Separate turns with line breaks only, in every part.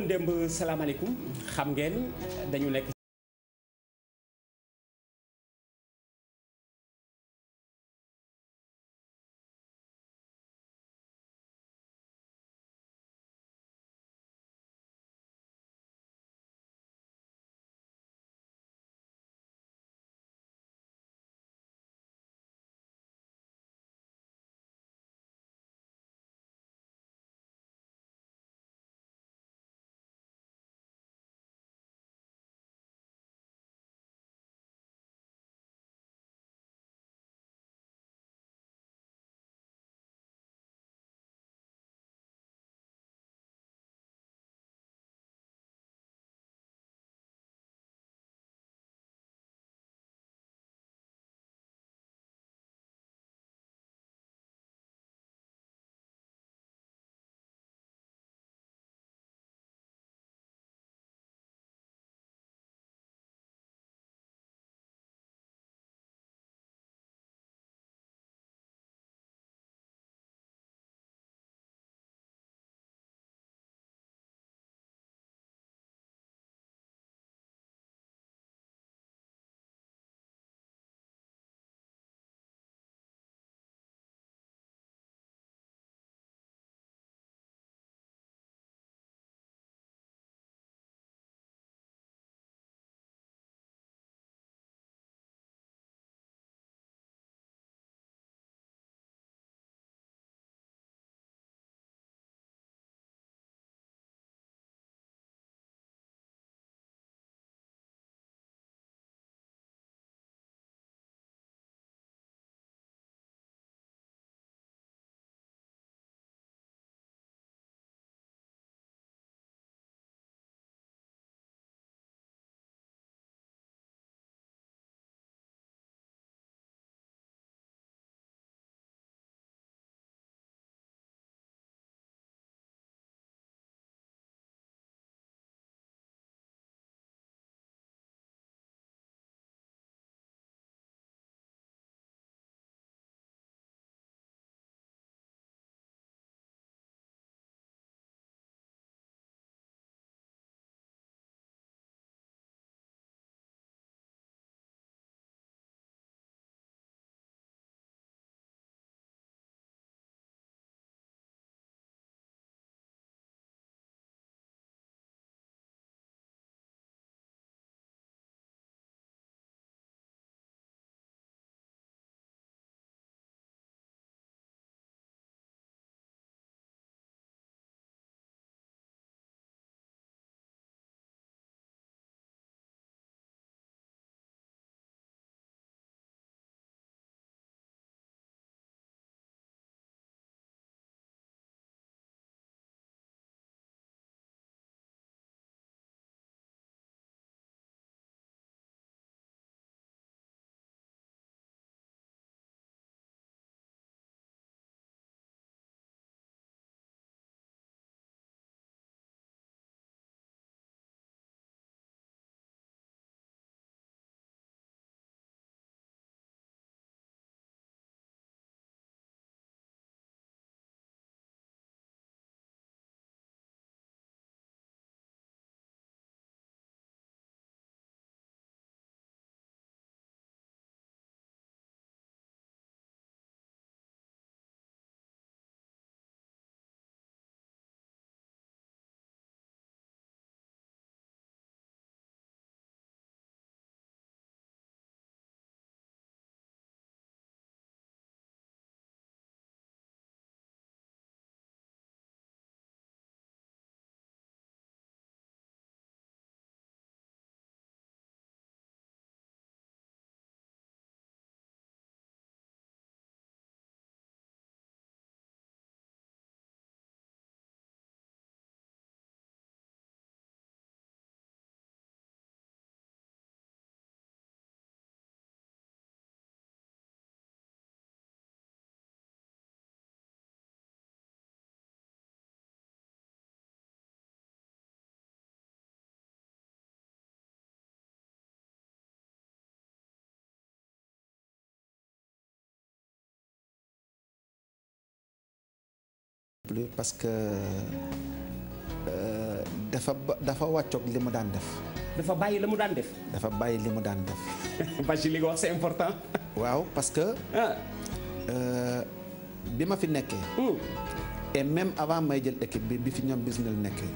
woon démb salaamaaleykum xam ngeen dañu nekk plus parce que euh, dafa dafa wàccoog li mu daan def. dafa bàyyi la mu daan def. dafa bàyyi li mu daan def. Bachir li nga wax c'est important. waaw parce que. Ah. Euh, bi ma fi nekkee. Hmm. et même avant may jël équipe bi bi fi ñoom bismil nekkee.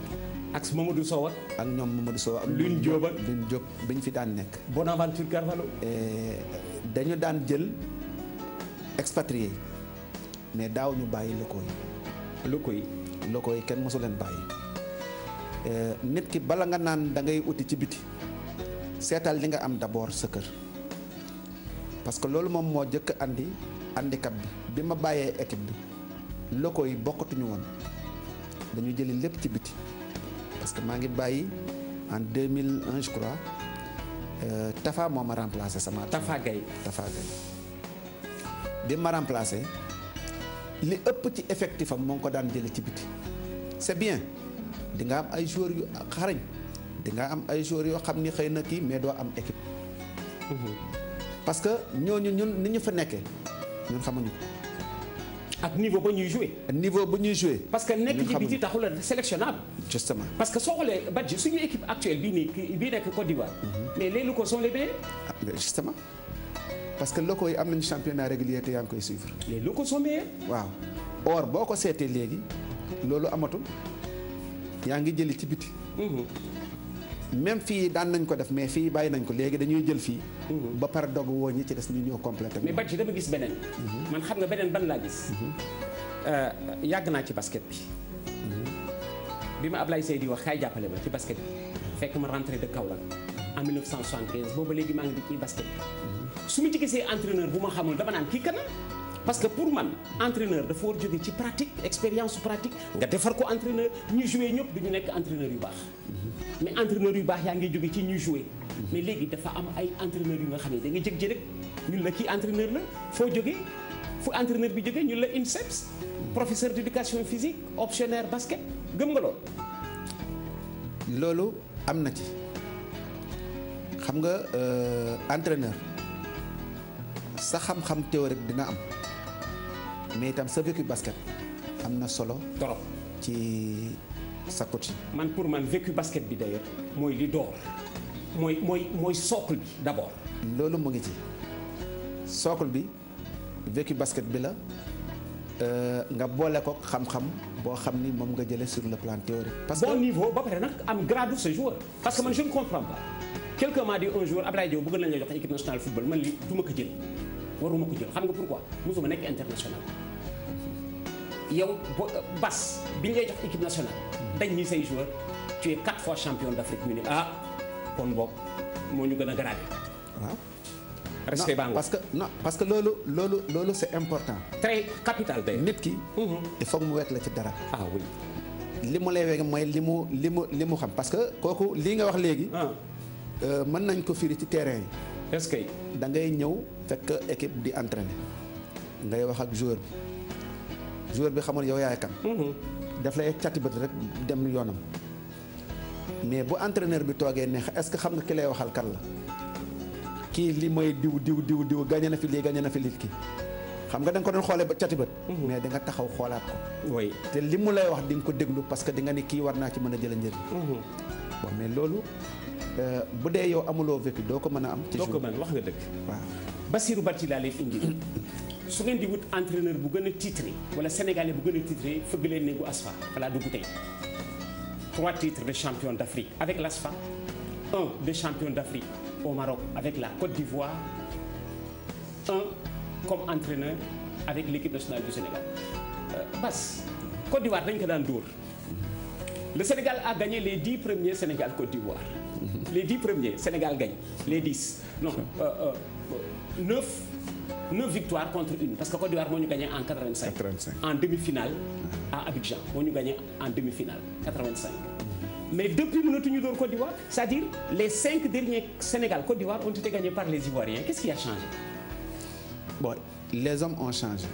ak Mamadou Sow ak. ak ñoom Mamadou Sow ak. Lune Diop ak Lune Diop bi ñu fi daan nekk. Bonaventure Carvalho. Euh, dañu daan jël expatrié mais daaw ñu bàyyi locaux yi. loko yi loko yi kenn mosu leen bàyyi eh, nit ki bala nga naan da ngay uti ci biti seetal li nga am d'abord sa kër parce que loolu moom moo jëkk andi handicap bi bi ma bàyyee équipe bi loko yi bokkatuñu woon dañu jëli lépp ci biti parce que maa ngi bàyyi en 2001 je crois eh, Tafa moo ma remplacé sama. Tafa Gaye Tafa bi ma remplacé li ëpp ci effectif am ko daan jële ci biti c'est bien di nga am ay joueurs yu xarañ di nga am ay joueurs yoo xam ni xëy na kii mais doo am équipe. Mhm. parce que ñooñu ñun ni ñu fa nekkee ñun xamuñu ko. ak niveau ba ñuy joué. niveau ba ñuy joué. parce que
nekk ci biti taxu a sélectionnable. justement parce que soo xoolee ba suñu équipe actuelle bii nii bii nekk Côte mhm. mais les locaux sont les meilleurs.
Ah, justement parce que locaux yi am nañu championnat régulier te yaa ngi koy suivre. les locaux sont meilleurs. waaw or boo ko seetee léegi loolu amatul yaa ngi jëli ci biti. Mhm. même fii daan nañ ko def mais fii bàyyi nañ ko léegi dañuy jël fii. Mhm. ba pare dog woo ñi ci des ñu ñëw complété. mais Badji
dama gis beneen. Mhm. man xam nga beneen ban laa gis. Euh, yàgg naa ci basket bi. bi ma Ablaye Seydi wax kaay jàppale ma ci basket bi fekk ma rentré de Kaolack en 1975 boobu léegi maa ngi di ci su mu ci gisee entraîneur bu ma xamul dama naan kii kan parce que pour man entraîneur dafa war jóge ci pratique expérience pratique nga defar ko entraîneur ñu joué ñëpp duñu nekk entraîneur yu baax mais entraîneur yu baax yaa ngi jóge ci ñuy joué mais léegi dafa am ay entraîneur yu nga xam ne da nga jëg ji rek ñun kii entraîneur la foo jógee fu entraîneur bi jógee ñun la INSEPS professeur d'éducation physique optionnaire basket gëm
nga lool loolu am na ci xam nga euh, entraîneur sa xam-xam théorique dina am mais itam sa vécu basket am na solo. trop ci sa coaching. man pour man vécu basket bi d'ailleurs mooy li door mooy mooy mooy socle bi d'abord. loolu moo ngi ci socle bi vécu basket bi la euh, nga boole ko xam-xam boo xam ni moom nga jëlee sur le plan théorique. parce que bon niveau ba pare nag am grade de joueur. parce que man je ne comprends pas.
quelqu'un m'a un jour Abdoulaye Diop jox équipe nationale football man li du ma ko jël. waruma ko jël xam nga pourquoi mosuma nekk international yow bas bi ngay lay jox équipe nationale dañ ñi say joueur tu es quatre fois champion d'Afrique ñu ne ah kon moo ñu gën a garaaw
waaw respect parce que non parce que loolu loolu loolu c'est important très capital day nit ki mhm. il faut mu wet la ci dara ah li mu lay wege mooy li mu li mu li mu xam parce que kooku lii nga wax léegi ah. euh, mën nañ ko firi ci terrain yi est-ce da ngay ñëw fekk équipe di entraîner ngay wax ak joueur bi joueur bi xamul yow yaay kan. Mhm. daf lay cati bët rek dem yoonam. mais bu entraîneur bi toogee neex est-ce que xam nga ki lay waxal kan la kii li mooy diw diw diw diw gagné na fi lii gagné na fi lii kii xam nga da nga ko doon xoolee ba cati bët. Mhm. mais da nga taxaw xoolaat ko. oui te li mu lay wax di nga ko déglu parce que di nga ni kii war naa ci mën a jëlee njëriñ. Mhm. bon mais loolu Euh, bu dee yow amuloo vécu doo ko mën a am. ci jour wax nga dëgg. waaw Basirou Badji laa leen indi.
su ngeen di wut entreneur bu gën a titré wala sénégalais bu gën a titré fëgg leen néegu ASFA balaa dugg tey trois titres de champion d' Afrique avec l' ASFA un de champion d' Afrique au Maroc avec la Côte d'Ivoire un comme entraîneur avec l' équipe nationale du Sénégal euh, Bas Côte d'Ivoire dañ ko daan dóor. le Sénégal a gagné les dix premiers Sénégal Côte d'Ivoire. les dix premiers Sénégal gagne les dix non euh, euh, neuf neuf victoires contre une parce que Côte d'Ivoire moo ñu gagné en 85. 85 en demi-finale à Abidjan moo ñu gagné en demi-finale 85. Mm-hmm. mais depuis mënatuñu door Côte d'Ivoire c'est-à-dire les cinq derniers Sénégal Côte d'Ivoire ont été gagnés par les Ivoiriens qu'est-ce qui a changé.
bon les hommes ont changé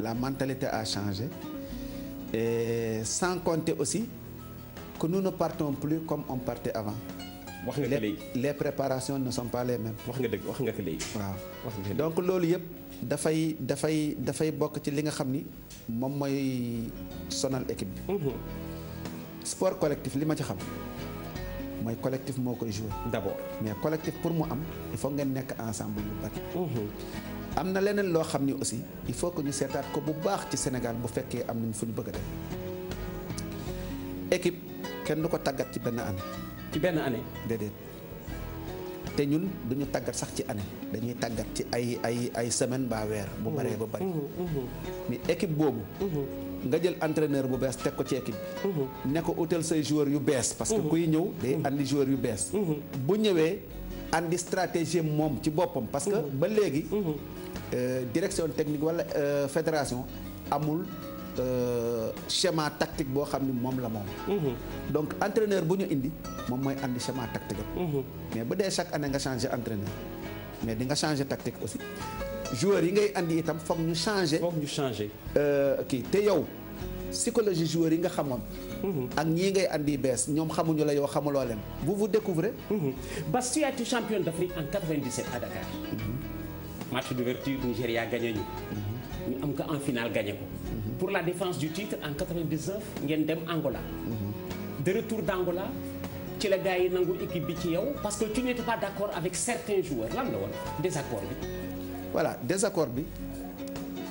la mentalité a changé et sans compter aussi. que nous ne partons plus comme on partait avant. wax nga ko les préparations ne sont pas les mêmes. wax nga dëgg wax nga ko léegi. waaw wax donc loolu yëpp dafay dafay dafay bokk ci li nga xam ni moom mooy sonal équipe bi. Mhm. sport collectif li ma ci xam mooy collectif moo koy joué. d'abord mais collectif pour mu am il faut ngeen nekk ensemble yu bari. Mhm. am na leneen loo xam ni aussi il faut que ñu seetaat ko bu baax ci Sénégal bu fekkee am nañ fu ñu bëgg a dem équipe. kenn du ko tàggat ci benn année. ci benn année. déedéet te ñun du ñu tàggat sax ci année dañuy tàggat ci ay ay ay semaine ba weer. bu mmh. baree ba bari. Mmh, mmh. mais équipe boobu. nga jël entraîneur bu bees teg ko ci équipe bi. ne ko utal say joueurs yu bees. parce que kuy ñëw day andi joueurs yu bees. bu ñëwee andi stratégie moom ci boppam. parce que ba léegi. Euh, direction technique wala euh, fédération amul. Euh, schéma tactique boo xam ni moom la moom. Mhm. donc entraîneur bu ñu indi moom mooy indi schéma tactique mhm. mais ba dee chaque année nga changé entraîneur mais di nga changé tactique aussi joueur yi ngay andi itam foog ñu changé. foog ñu changé. Euh, kii te yow psychologie joueur yi nga xamoon. Mhm. ak ñii ngay andi bees ñoom xamuñu la yoo xamuloo leen. vous vous découvrez. Bass tu as été champion d'Afrique en 97 à Dakar.
match d'ouverture Nigéria gagné ñu. am ko en finale gagné pour la défense du titre en 99 ngeen dem Angola. Mhm. de retour d' Angola ci la gars yi nangul équipe bi ci yow parce que tu n'étais pas d' accord avec certains joueurs lan la woon désaccord bi.
voilà désaccord bi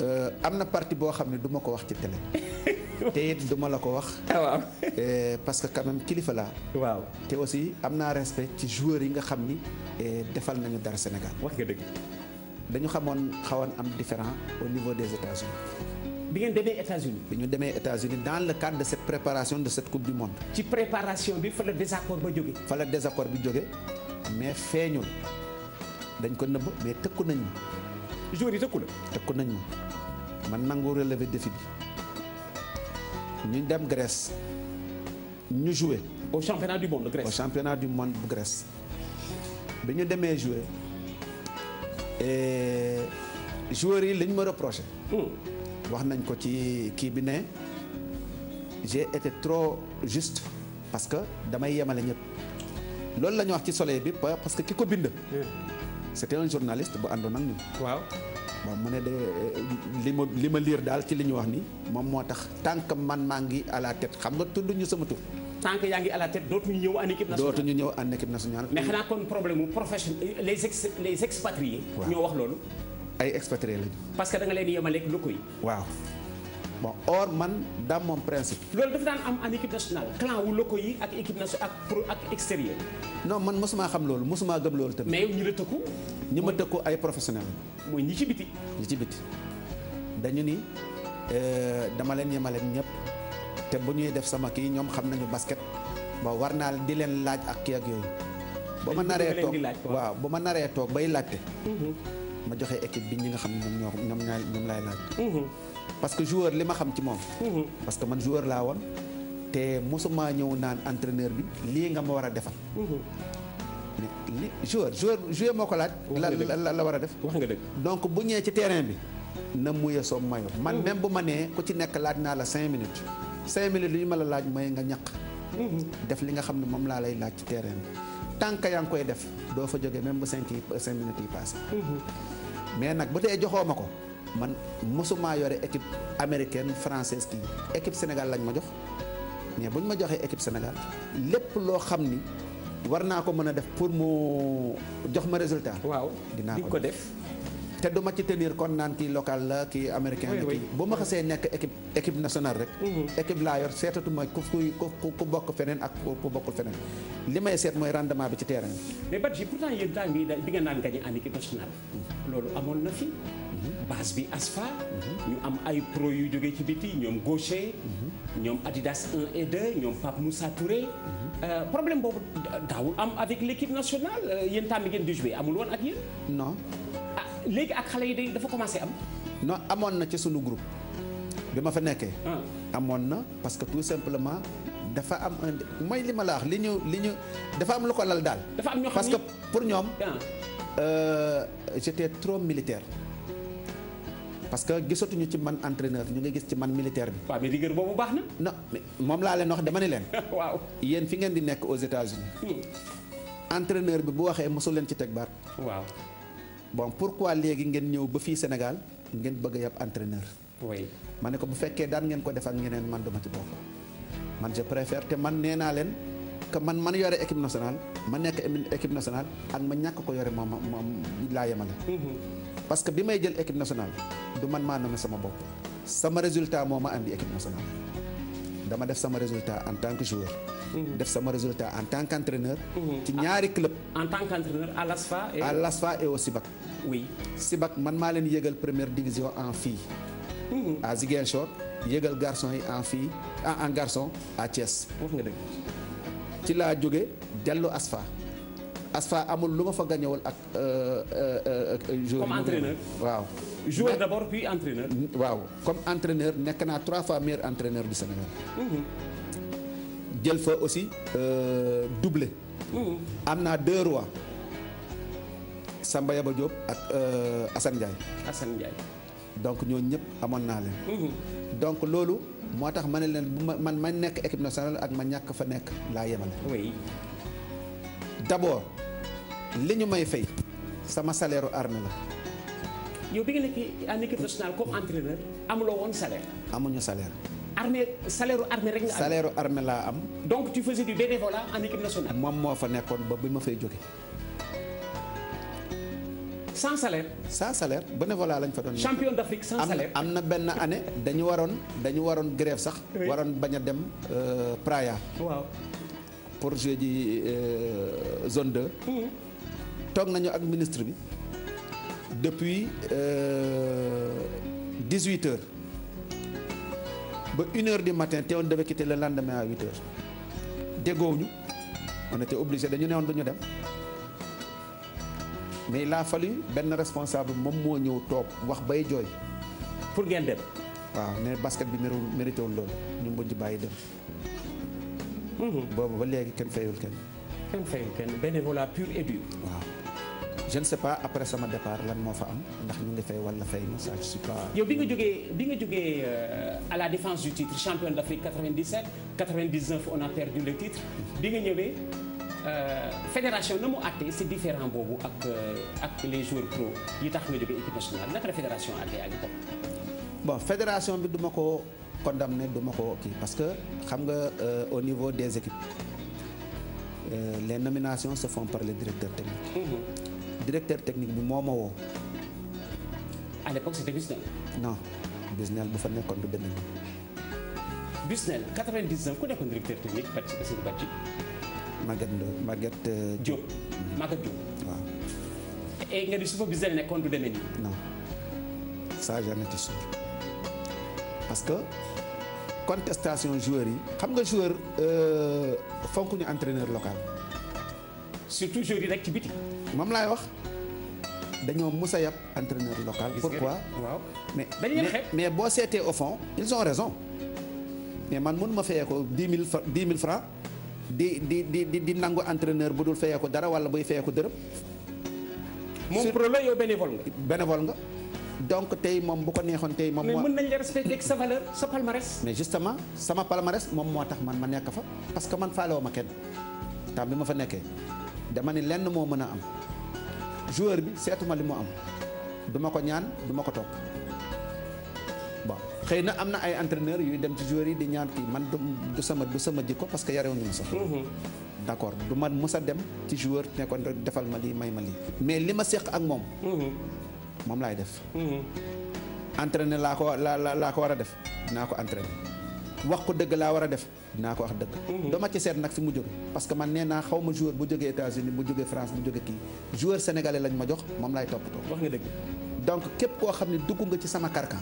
euh, am na parti boo xam ne duma ko wax ci télé. te it du la ko wax. Ah, euh, parce que quand kilifa la waaw te aussi am naa respect ci joueurs yi nga xam ni euh, defal nañu dara Sénégal. dañu xamoon xawoon am différent au niveau des états bi ngeen demee États-Unis bi ñu demee États-Unis dans le cadre de cette préparation de cette coupe du monde. ci préparation bi fa la désaccord ba jóge. fa la désaccord bi jóge mais feeñul dañ ko nëbb mais tëkku nañ ma. joueurs yi tëkku la. tëkku nañ ma man nangu relever défi bi ñu dem Grèce ñu jouer au championnat du monde Grèce. au championnat du monde Grèce bi ñu demee jouer joueurs yi lañ ma reproché. Hmm. wax nañ ko ci kii bi ne j'ai été trop juste parce que damay yemale ñëpp loolu la ñu wax ci soleil bi parce que ki ko bind. c'était un journaliste bu àndoon ak ñun. waaw bon mu ne de euh, li ma li ma liir daal ci li ñu wax ni moom moo tax tànk man maa ngi à la xam nga tudd ñu sama tur.
tànk yaa ngi à la tête dootuñu ñëw en équipe
nationale ñëw en équipe nationale. mais xanaa
kon problème mu profession les ex les expatriés. ñoo wax loolu.
ay expatriés lañu.
que da nga leen yemaleeg locaux yi.
waaw bon or man daam moom principe. loolu
dafa daan am en équipe nationale clan wu locaux yi ak équipe nationale ak pro ak
man mosumaa xam loolu mosumaa gëm loolu tamit. mais ñu la tëkku. ñi ma tëkku ay professionnels mooy ñu ci biti. ñi ci biti dañu ni euh, dama leen yemaleeg ñëpp te bu ñuy def sama kii ñoom xam nañu basket ba war naa di leen laaj ak kii ak yow ba ma naree toog ba ma naree toog bay laajte. Mm-hmm. ma joxe équipe bi ñi nga xam ne ñoom ñoo ñoom ñaay ñoom laay laaj. Mhm. parce que joueur li ma xam ci moom. Mhm. parce que man joueur laa woon. te mosuma ñëw naan entraîneur bi lii nga ma war a defal. Mhm. li joueur joueur joueur moo ko laaj. la la war a def. wax nga dëgg donc bu ñëwee ci terrain bi. na muyee soo mayoo. man même bu ma nee ku ci nekk laaj naa la cinq minutes. cinq minutes li ñu ma la laaj mooy nga ñaq. def li nga xam ne moom laa lay laaj ci terrain bi. tant que yaa ngi koy def doo fa jógee même bu cinq yi cinq minutes yi passé mhm. mais nag bu tey joxoo ma ko man mosuma yore équipe américaine française kii équipe Sénégal lañ ma jox mais bu ñu ma joxee équipe Sénégal lépp loo xam ni war naa ko mën a def pour mu jox ma résultat. waaw dinaa ko def. te du ma ci tenir kon naan kii local la kii américain bu ma xasee nekk équipe équipe nationale rek mhm. équipe laa yor seetatuma ku ku ku bokk feneen ak ku bokkul feneen li may seet mooy rendement bi ci terrain
mais Badji pourtant yéen temps bi di nga naan gagné en équipe loolu amoon na fi base bi ASFA mhm. ñu am ay pro yu jógee ci biti ñoom Gaucher mhm. ñoom Adidas 1 et 2 ñoom Pape Moussa Touré euh, problème boobu daawul am avec l' équipe nationale euh, yéen temps bi ngeen di jouer amul woon ak yéen non léegi ak xale yi day dafa commencé am.
no amoon na ci suñu groupe bi ma fa nekkee. Ah. amoon na parce que tout simplement dafa am un mooy li ma la wax li ñu li ñu dafa am la ko lal daal. dafa am ñoo xam parce que pour ñoom. Ah. Euh, j'étais trop militaire. parce que gisatuñu ci man entraîneur ñu ngi gis ci man militaire bi. waaw mais rigueur boobu baax na. non moom laa leen wax dama ne leen. waaw yéen fi ngeen di nekk aux États-Unis hmm. entraîneur bi bu waxee mosul leen ci teg baat. waaw bon pourquoi léegi ngeen ñëw ba fii Sénégal ngeen bëgg a yab entraîneur. ma ne ko bu fekkee daan ngeen ko def ak ñeneen man duma ci bokk. man je préfère te man nee naa leen que man man yore équipe nationale ma nekk équipe nationale ak ma ñàkk ko yore moom moom laa yemale. Mhm. parce que bi may jël équipe nationale du man maa nommé sama bopp sama résultat moom ma indi équipe nationale. dama def sama résultat en tant que joueur. Mhm. def sama résultat en tant qu'entraîneur. Mhm. ci ñaari club.
en tant qu'entraîneur à l'ASFA
et. et au Sibac. oui man maa leen yëgal première division en filles. Mhm. à Ziguinchor yëgal garçon yi en filles ah, en garçon à Thiès. ci laa jóge dellu ASFA. ASFA amul lu ma fa gañewul ak. Euh, euh, euh, joueur comme entraîneur waaw. joueur d'abord waaw comme entraîneur nekk naa trois fois meilleur entraîneur du Sénégal. Mhm. jël fa aussi duble mhm. am naa deux rois. Samba Yaba ak Assane Ndiaye. Assane Ndiaye. donc ñooñu ñëpp amoon naa leen. Mhm. donc loolu moo tax ma ne leen bu ma man ma nekk équipe nationale ak ma ñàkk fa nekk laa yemale. d'abord li ñu may fay sama salaire u la.
yow bi amuloo woon salaire. amuñu salaire. armée salaire armée rek nga
am laa am. donc tu faisais du moom moo fa nekkoon ba bi ma fay jóge sans salaire. sans salaire bénévolat lañ fa doon. champion
d'Afrique sans salaire
am na benn année dañu waroon dañu waroon grève sax. waroon bañ a dem euh, Praia. pour jouer ji zone 2. Mmh. toog nañu ak ministre bi depuis euh, dix huit heures ba une heure du matin te on devait quitter le lendemain à huit heures déggoowuñu on était obligé dañu newoon du ñu dem mais il a fallu benn responsable moom moo ñëw toog wax bay jooy. pour ngeen dem. waaw ne basket bi mériwul méritéwul loolu ñu mujj bàyyi dem. Mm-hmm. boobu ba léegi kenn fayul kenn. bénévolat pur et dur. je ne sais pas après sama départ lan moo fa am ndax ñu ngi fay wala fay ça je suis pas. yow
bi nga jógee bi nga jógee euh, à la défense du titre champion d'Afrique 97 99 on a perdu le titre bi nga ñëwee. Euh, fédération na mu àttee c'est différent boobu ak euh, ak les joueurs pro yi tax nga jógee équipe nationale naka la fédération àttee ak
itam. bon fédération bi duma ko condamné du ma ko kii parce que xam nga euh, au niveau des équipes euh, les nominations se font par le directeur technique. Mm-hmm. directeur technique bi moo ma woo. à l'époque c'était Busnel. non Busnel bu fa nekkoon du benn bi. Busnel 99
ku nekkoon directeur technique Badji Bassirou Badji. Maguette Maguette euh, Diop. Mm-hmm.
Maguette Diop waaw. et nga di su fa Busnel nekkoon du demee nii. non ça j'en étais parce que contestation joueurs yi xam nga joueur euh, fonk ñu entraîneur local.
surtout joueurs yi nekk
ci biti. moom laay wax dañoo mus a yab entraîneur local. pourquoi waaw mais dañu mais boo seetee au fond ils ont raison mais man mënuma fayee ko dix mille franc mille franc di di di di nangu entraîneur bu dul fayee ko dara wala buy fayee ko dërëm. moom pro la bénévole nga. bénévole nga. donc tey moom bu ko neexoon tey moom. mais mën
nañ la respecté ak sa valeur sa palmarès.
mais justement sama palmarès moom moo tax man ma nekk fa parce que man faalewu ma kenn temps bi ma fa nekkee dama ne lenn moo mën a am joueur bi seetuma li mu am duma ko ñaan duma ko topp bon xëy na am na ay entraîneur yuy dem ci joueur yi di ñaan kii man du sama du sama jikko parce que yarewuñu ma sax. Mhm. d' du man musa dem ci joueur ne ko defal ma lii may ma lii mais li ma seq ak moom. Mhm. moom laay def. Mhm. entraîner laa ko laa laa ko war a def naa ko entraîner wax ko dëgg laa war a def naa ko wax dëgg. Mhm. dama ci seet nag fi mu jóge parce que man nee naa xaw ma joueur bu jógee États-Unis bu jógee France bu jógee kii joueur sénégalais lañ ma jox moom laay toppatoo. wax nga dëgg donc képp koo xam ne dugg nga ci sama carcan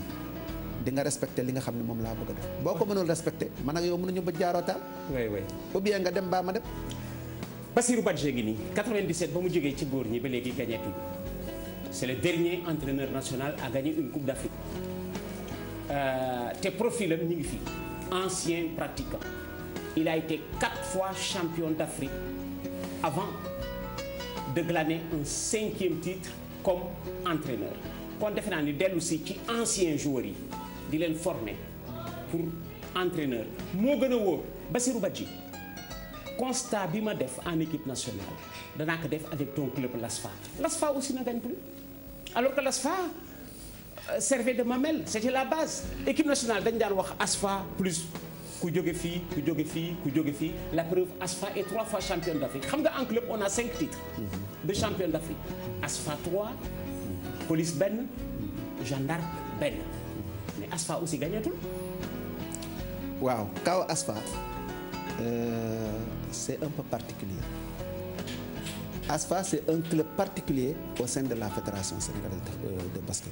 di nga respecté li nga xam ne moom laa bëgg a def boo ko mënul respecté man ak yow mënuñu ba ñu taal. oui oui ou nga dem baa ma dem.
Bassirou Badji ngi nii 97 ba mu jógee ci góor ñi ba léegi gagné c'est le dernier entraîneur national à gagner une coupe d'Afrique euh, te profilam ñu ngi fi ancien pratiquant il a été quatre fois champion d'Afrique avant de glaner un cinquième titre comme entraîneur kon defe naa ni dellu si ci ancien joueurs yi di leen former pour entraîneur moo gën a wóor Bassirou Badji constat bi ma def en équipe nationale danaa ko def avec ton club l'ASFA l'ASFA aussi ne gagne plus alors que l'ASFA euh, servait de mamelle c'était la base équipe nationale dañ daan wax ASFA plus ku jóge fii ku jóge fii ku jóge fii la preuve ASFA est trois fois championne d'Afrique xam nga en club on a cinq titres de championne d'Afrique ASFA 3 police benn Jeanne benn mais ASFA aussi gagnatul
waaw kaw ASFA euh, c'est un peu particulier. ASFA, c'est un club particulier au sein de la Fédération sénégalaise de, euh, de basket.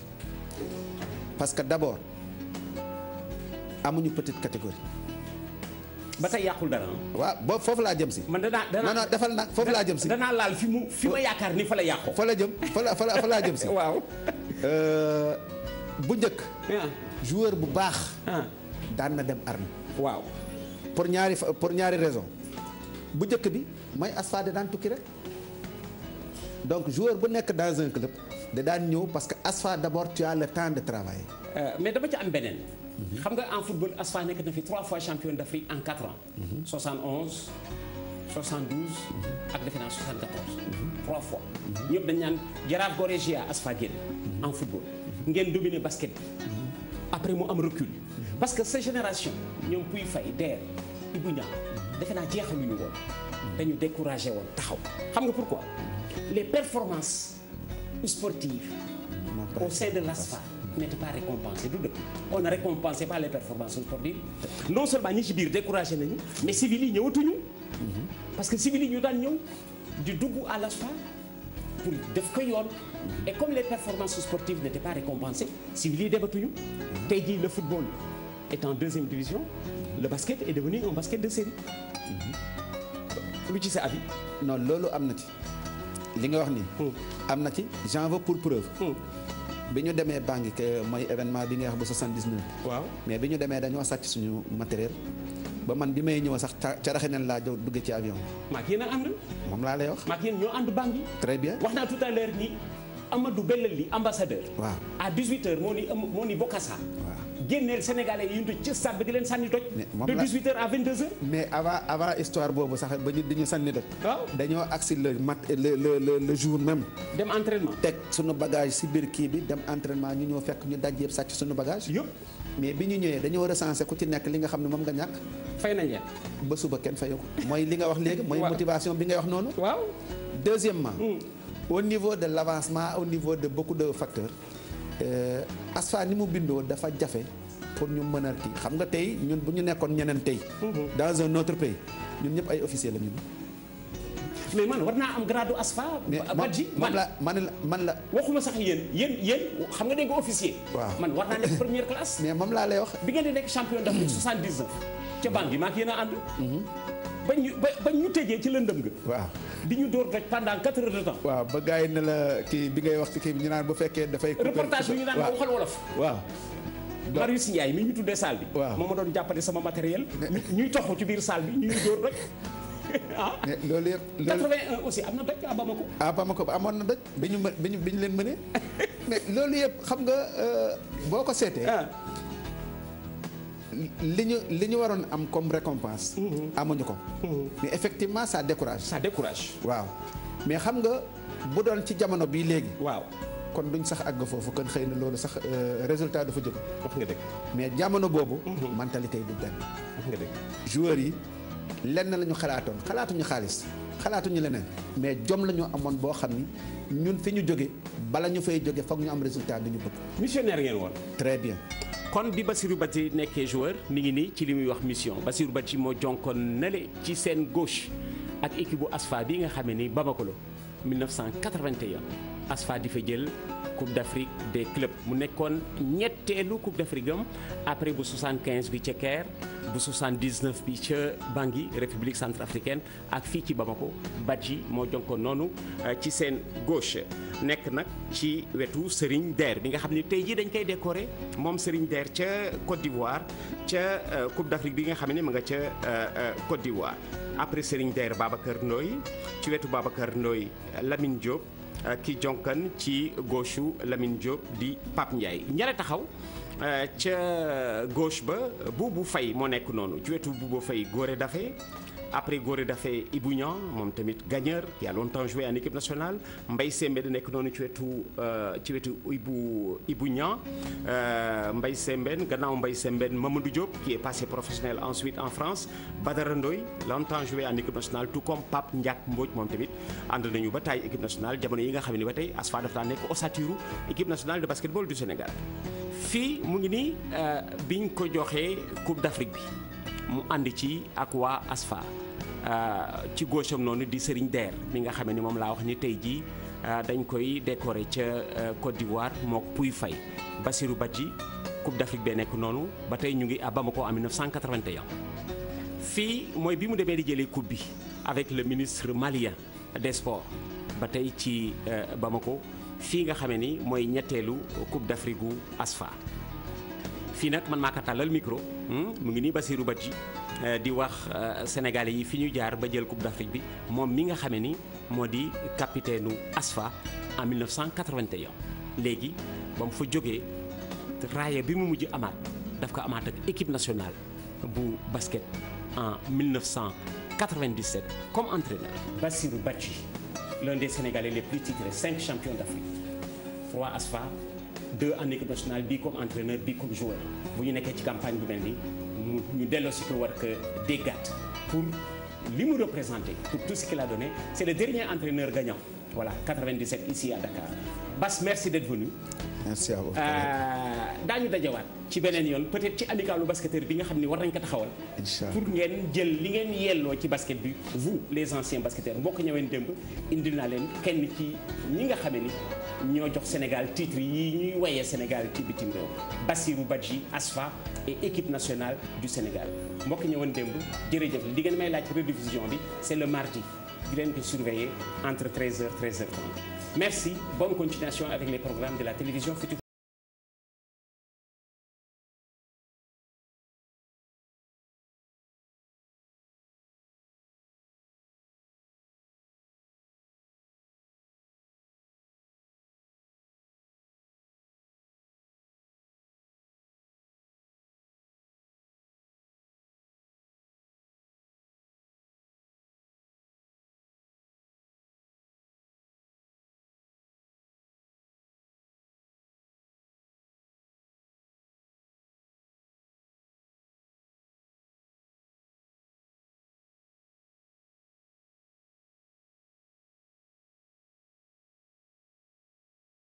Parce que d'abord, amuñu petite catégorie.
ba tey yàqul dara waaw boobu foofu laa jëm si. man danaa danaa non non defal naa foofu laa jëm si. danaa laal fi mu fi ma yaakaar ni fa la yàqoo.
jëm fa la fa la waaw. Euh, bu njëkk. Ah. joueur bu baax. Ah. daan na dem arme. waaw pour ñaari pour ñaari raison bu njëkk bi mooy Asfa da daan tukki rek donc joueur bu nekk dans un club da daan ñëw parce que Asfa d' abord tu as le temps de travailler.
Euh, mais dama ci am beneen. xam nga en football Asfa nekk na fi trois fois champion d' Afrique en quatre ans. 71 72. ak defe naa 74. trois fois. ñëpp dañ naan Jaraaf Goregia Asfa génn. en football ngeen dominer basket après mu am recul. parce que sa génération ñoom puy fay deer Ibou Niang mm-hmm. defe naa jeexaluñu woon mm-hmm. dañu découragé woon taxaw xam nga pour pourquoi mm-hmm. les performances sportives au sein de l'ASFA n'étaient pas récompensées du dëkk on ne récompensait pas les performances sportives non seulement ñi ci biir découragé nañu mais civils yi ñëwatuñu parce que civils yi ñu daan ñëw di dugg à l'ASFA pour def ko yoon et comme les performances sportives n'étaient pas récompensées civils yi dematuñu tey jii le football est en deuxième division le basket est devenu un basket
de série. Mhm. lu ci sa avis. non loolu am na ci li nga wax ni hmm. am na ci j'en veux pour preuve. Hmm. bi ñu demee Bangui mooy événement bi nga wax ba 79. waaw mais bi ñu demee dañoo sàcc suñu matériel. ba man bi may ñëw sax ca ca raxe nañ laa jóg dugg ci avion bi. maa ngi ànd. moom laa lay wax. maa ngi ñoo ànd Bangui.
très bien wax naa tout à l'heure du Amadou Bellali ambassadeur. waaw à 18h moo ni moo ni Bokassa. génneel sénégalais yi ñu toj ci stade bi di leen sànni toj. de 18h
à 22 mais avant avant histoire boobu sax ba ñu dañu sànni toj. waaw dañoo agsi le mat le le le jour même. dem entraînement teg suñu bagage si biir kii bi dem entraînement ñu ñëw fekk ñu daj yëpp sàcc suñu bagage. yëpp mais bi ñu ñëwee dañoo recensé ku ci nekk li nga xam ne moom nga ñàkk. fay nañ leen. ba suba kenn fayu ko mooy li nga wax léegi. mooy motivation bi ngay wax noonu. waaw deuxièmement. Hmm. au niveau de l'avancement au niveau de beaucoup de facteurs. Euh, asfa ni mu bindoo dafa jafe pour ñu mën a kii xam nga tey ñun bu ñu nekkoon ñeneen tey. Mhm. dans un autre pays ñun ñëpp ay officier la ni
mais man war naa am grade asfa. Badji man la man la man la. waxuma sax yéen yéen yéen xam nga dégg nga officier. waa man war naa nekk première classe. mais moom laa lay wax. bi ngeen di nekk champion d'Afrique 79. ca banque yi maak ngi yéen a
ànd. Mhm. bañ ñu bañ ñu tëjee ci lëndëm ga waaw di ñu dóor rek pendant quatre heures de temps waaw ba gars yi ne la kii bi ngay wax ci kii bi ñu naan bu fekkee dafay reportage bi ñu naan nga waxal wolof waaw
Marius Ndiaye mi ñu tuddee saal bi waaw moo ma doon jàppale sama matériel ñuy toxu ci
biir saal bi ñuy dóor rek ah loolu yëpp loolu 81 aussi am na doj à Bamako. à Bamako amoon na doj bi ñu bi ñu leen mënee loolu yëpp xam nga euh, boo ko seetee. Ah. li ñu li ñu waroon am comme récompense. Mm-hmm. amuñu ko. Mm-hmm. mais effectivement ça décourage. sa décourage. waaw mais xam nga bu doon ci jamono bii léegi. waaw kon duñ sax àgg foofu kon xëy na loolu sax euh, résultat dafa jóge. wax nga mais jamono boobu. Mm-hmm. mentalité yi du benn. wax nga yi lenn lañu xalaatoon xalaatuñu xaalis. xalaatuñu leneen mais jom la ñu amoon boo xam ni ñun fi ñu jóge bala ñu fay jóge foog ñu am résultat bi ñu bëgg. missionnaire ngeen woon. très bien.
kon bi ba Badji nekkee joueur mi ngi nii ci li muy wax mission ba Badji moo jonkoon nale ci seen gauche ak équipe bu ASFA bi nga xamee ni Bamako la 1981. ASFA di fa jël coupe d'Afrique des clubs mu nekkoon ñetteelu coupe d'Afrique am après bu 75 bi ca Caire bu 79 bi ca Bangui république centrafricaine ak fii ci Bamako Badji moo jonkoon noonu euh, ci seen gauche nekk nag ci wetu Serigne Der bi nga xam ne tey jii dañ koy décorer moom Serigne Der ca Côte d'Ivoire ca euh, coupe d'Afrique bi nga xam ne mu nga ca euh, Côte d'Ivoire après Serigne Der Babacar Ndoye ci wetu Babacar Ndoye Lamine Diop. ki jonkan ci gauche Lamine Diop di Pape Ndiaye ñare taxaw euh, ca gauche ba Boubou Faye moo nekk noonu ci wetu Boubou Faye Goré Daffé après Goré Daffé Ibou Niang moom tamit gagneur qui a longtemps joué en équipe nationale Mbaye Sembène nekk noonu ci wetu euh, ci wetu Ibou Ibou Niang euh, Mbaye Sembène gannaaw Mbaye Sembène Mamadou Diop qui est passé professionnel en France Badara Ndoye longtemps joué en équipe nationale tout comme Pape Ndiak Mbodj moom tamit ànd nañu ba taay équipe nationale jamono yi nga xam ne ba tey ASFA dafa daan nekk ossature équipe nationale de basketball du Sénégal fii mu ngi nii euh, biñ ko joxee Coupe d'Afrique bi mu ànd ci ak waa ASFA euh, ci gauche am noonu di Serigne Der mi nga xam ni moom laa wax ni tey jii euh, dañ koy décorer ca euh, Côte d'Ivoire mook Pouy Faye Bassirou Badji Coupe d'Afrique bee nekk noonu ba tey ñu ngi à Bamako en 1981. fii mooy bi mu demee di jëlee coupe bi avec le ministre malien des sports ba tey ci Bamako fii nga xamee ni mooy ñetteelu Coupe d'Afrique gu ASFA. fii nag man maa ko tàllal micro hmm? mu ngi nii Basirou Badji eh, di wax eh, sénégalais yi fi ñu jaar ba jël coupe d'Afrique bi moom mi nga xamee ni moo di capitaine u ASFA en 1981. léegi ba mu fa jógee raaya bi mu mujj amaat daf ko amaat ak équipe nationale bu basket en 1997 comme entraîneur. Basirou yi l'un de sénégalais les plus titrés cinq champions d'Afrique trois ASFA. deux en équipe nationale bii comme entraîneur bii comme joueur bu ñu nekkee ci campagne bi mel ni mu ñu delloo si ko war ko déggaat pour li mu représenté pour tout ce qu'il a donné c'est le dernier entraîneur gagnant voilà 97 ici à Dakar Bass merci d'être venu. merci à vous. Euh, daañu dajewaat. ci beneen yoon peut-être ci amicalu basketteur bi nga xam ne war nañ ko taxawal. pour ngeen jël li ngeen yelloo ci basket bi vous les anciens basketteurs mbokk ñëween démb indil naa leen kenn ci ñi nga xame ni ñoo jox Sénégal titre yi ñuy wayee Sénégal ci bitim réew Bassirou Badji ASFA et équipe nationale du Sénégal mbokk ñëween démb jërëjëf li ngeen may laaj rediffusion bi c'est le mardi di leen ko surveiller entre 13h 13h30
merci bonne continuation